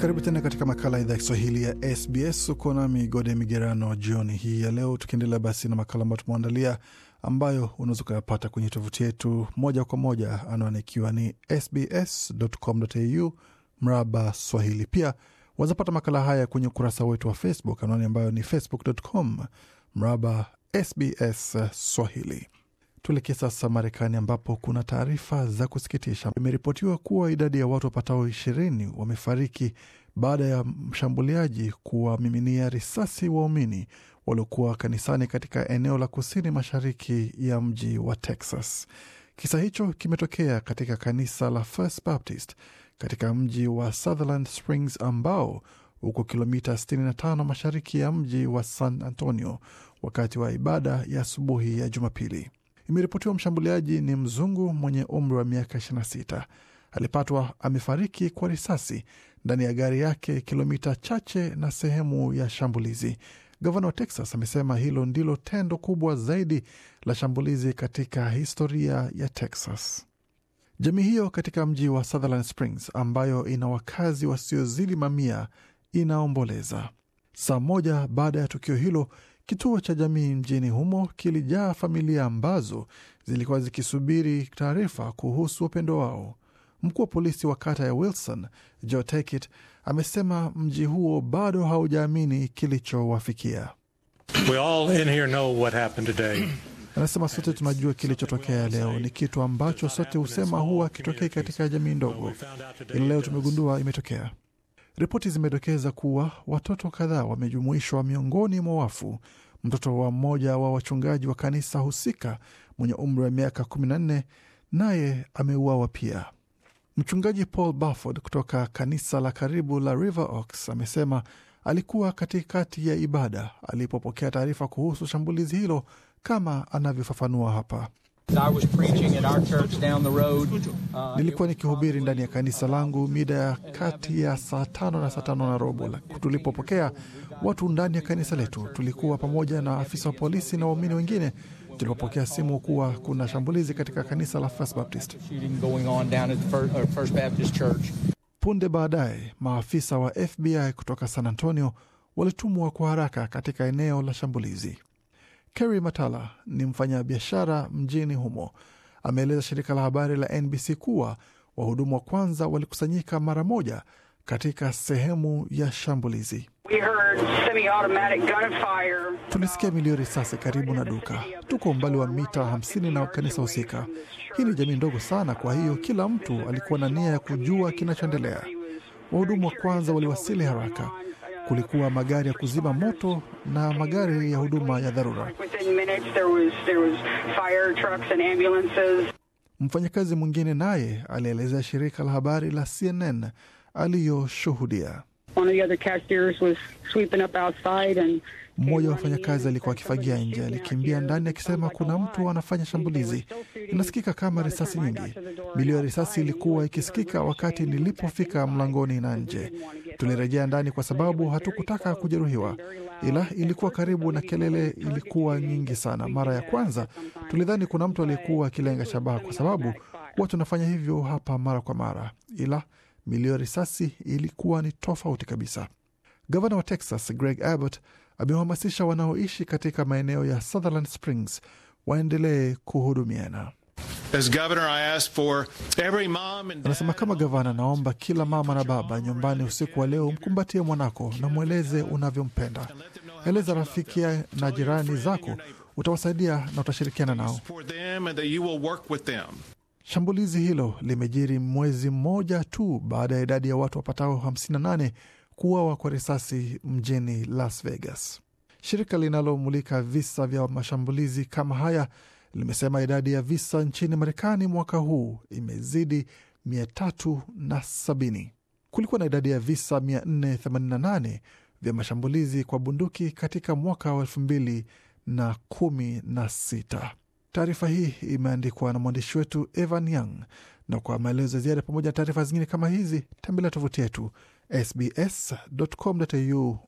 Karibu tena katika makala ya idhaa ya Kiswahili ya SBS. Uko nami Gode Migerano jioni hii ya leo, tukiendelea basi na makala ambayo tumeandalia, ambayo unaweza ukayapata kwenye tovuti yetu moja kwa moja, anwani ikiwa ni sbs.com.au mraba swahili. Pia wazapata makala haya kwenye ukurasa wetu wa Facebook, anwani ambayo ni facebook.com mraba sbs swahili. Tuelekee sasa Marekani, ambapo kuna taarifa za kusikitisha. Imeripotiwa kuwa idadi ya watu wapatao ishirini wamefariki baada ya mshambuliaji kuwamiminia risasi waumini waliokuwa kanisani katika eneo la kusini mashariki ya mji wa Texas. Kisa hicho kimetokea katika kanisa la First Baptist katika mji wa Sutherland Springs ambao huko kilomita 65 mashariki ya mji wa San Antonio wakati wa ibada ya asubuhi ya Jumapili imeripotiwa mshambuliaji ni mzungu mwenye umri wa miaka 26 alipatwa amefariki kwa risasi ndani ya gari yake kilomita chache na sehemu ya shambulizi. Gavana wa Texas amesema hilo ndilo tendo kubwa zaidi la shambulizi katika historia ya Texas. Jamii hiyo katika mji wa Sutherland Springs ambayo ina wakazi wasiozidi mamia inaomboleza. Saa moja baada ya tukio hilo, Kituo cha jamii mjini humo kilijaa familia ambazo zilikuwa zikisubiri taarifa kuhusu wapendo wao. Mkuu wa polisi wa kata ya Wilson, Joe Tekit, amesema mji huo bado haujaamini kilichowafikia. Anasema sote tunajua kilichotokea leo, ni kitu ambacho sote husema huwa kitokee katika jamii ndogo, ila leo tumegundua imetokea. Ripoti zimedokeza kuwa watoto kadhaa wamejumuishwa miongoni mwa wafu. Mtoto wa mmoja wa wachungaji wa kanisa husika mwenye umri wa miaka 14 naye ameuawa pia. Mchungaji Paul baford kutoka kanisa la karibu la River Oaks amesema alikuwa katikati ya ibada alipopokea taarifa kuhusu shambulizi hilo, kama anavyofafanua hapa. Uh, Nilikuwa nikihubiri ndani ya kanisa langu mida ya kati ya saa tano na saa tano na robo. Tulipopokea watu ndani ya kanisa letu, tulikuwa pamoja na afisa wa polisi na waumini wengine. Tulipopokea simu kuwa kuna shambulizi katika kanisa la First Baptist. Uh, Punde baadaye maafisa wa FBI kutoka San Antonio walitumwa kwa haraka katika eneo la shambulizi. Kerry Matala ni mfanyabiashara mjini humo ameeleza shirika la habari la NBC kuwa wahudumu wa kwanza walikusanyika mara moja katika sehemu ya shambulizi. Tulisikia milio risasi karibu na duka, tuko umbali wa mita 50 na kanisa husika. Hii ni jamii ndogo sana, kwa hiyo kila mtu alikuwa na nia ya kujua kinachoendelea. Wahudumu wa kwanza waliwasili haraka, kulikuwa magari ya kuzima moto na magari ya huduma ya dharura. Mfanyakazi mwingine naye alielezea shirika la habari la CNN aliyoshuhudia. Mmoja wa wafanyakazi alikuwa akifagia nje, alikimbia ndani akisema kuna mtu anafanya shambulizi, inasikika kama risasi nyingi. Milio ya risasi ilikuwa ikisikika wakati nilipofika mlangoni na nje. Tulirejea ndani kwa sababu hatukutaka kujeruhiwa, ila ilikuwa karibu na kelele ilikuwa nyingi sana. Mara ya kwanza tulidhani kuna mtu aliyekuwa akilenga shabaha, kwa sababu huwa tunafanya hivyo hapa mara kwa mara, ila milio ya risasi ilikuwa ni tofauti kabisa. Gavana wa Texas Greg Abbott amewahamasisha wanaoishi katika maeneo ya Sutherland Springs waendelee kuhudumiana. Anasema kama gavana, naomba kila mama na baba nyumbani usiku wa leo mkumbatie mwanako na mweleze unavyompenda. Eleza rafiki na jirani zako, utawasaidia na utashirikiana nao. Shambulizi hilo limejiri mwezi mmoja tu baada ya idadi ya watu wapatao 58 kuuawa kwa risasi mjini Las Vegas. Shirika linalomulika visa vya mashambulizi kama haya limesema idadi ya visa nchini Marekani mwaka huu imezidi 370. Kulikuwa na idadi ya visa 488 vya mashambulizi kwa bunduki katika mwaka wa 2016. Taarifa hii imeandikwa na mwandishi wetu Evan Young, na kwa maelezo ya ziada pamoja na taarifa zingine kama hizi tembelea tovuti yetu sbs.com.au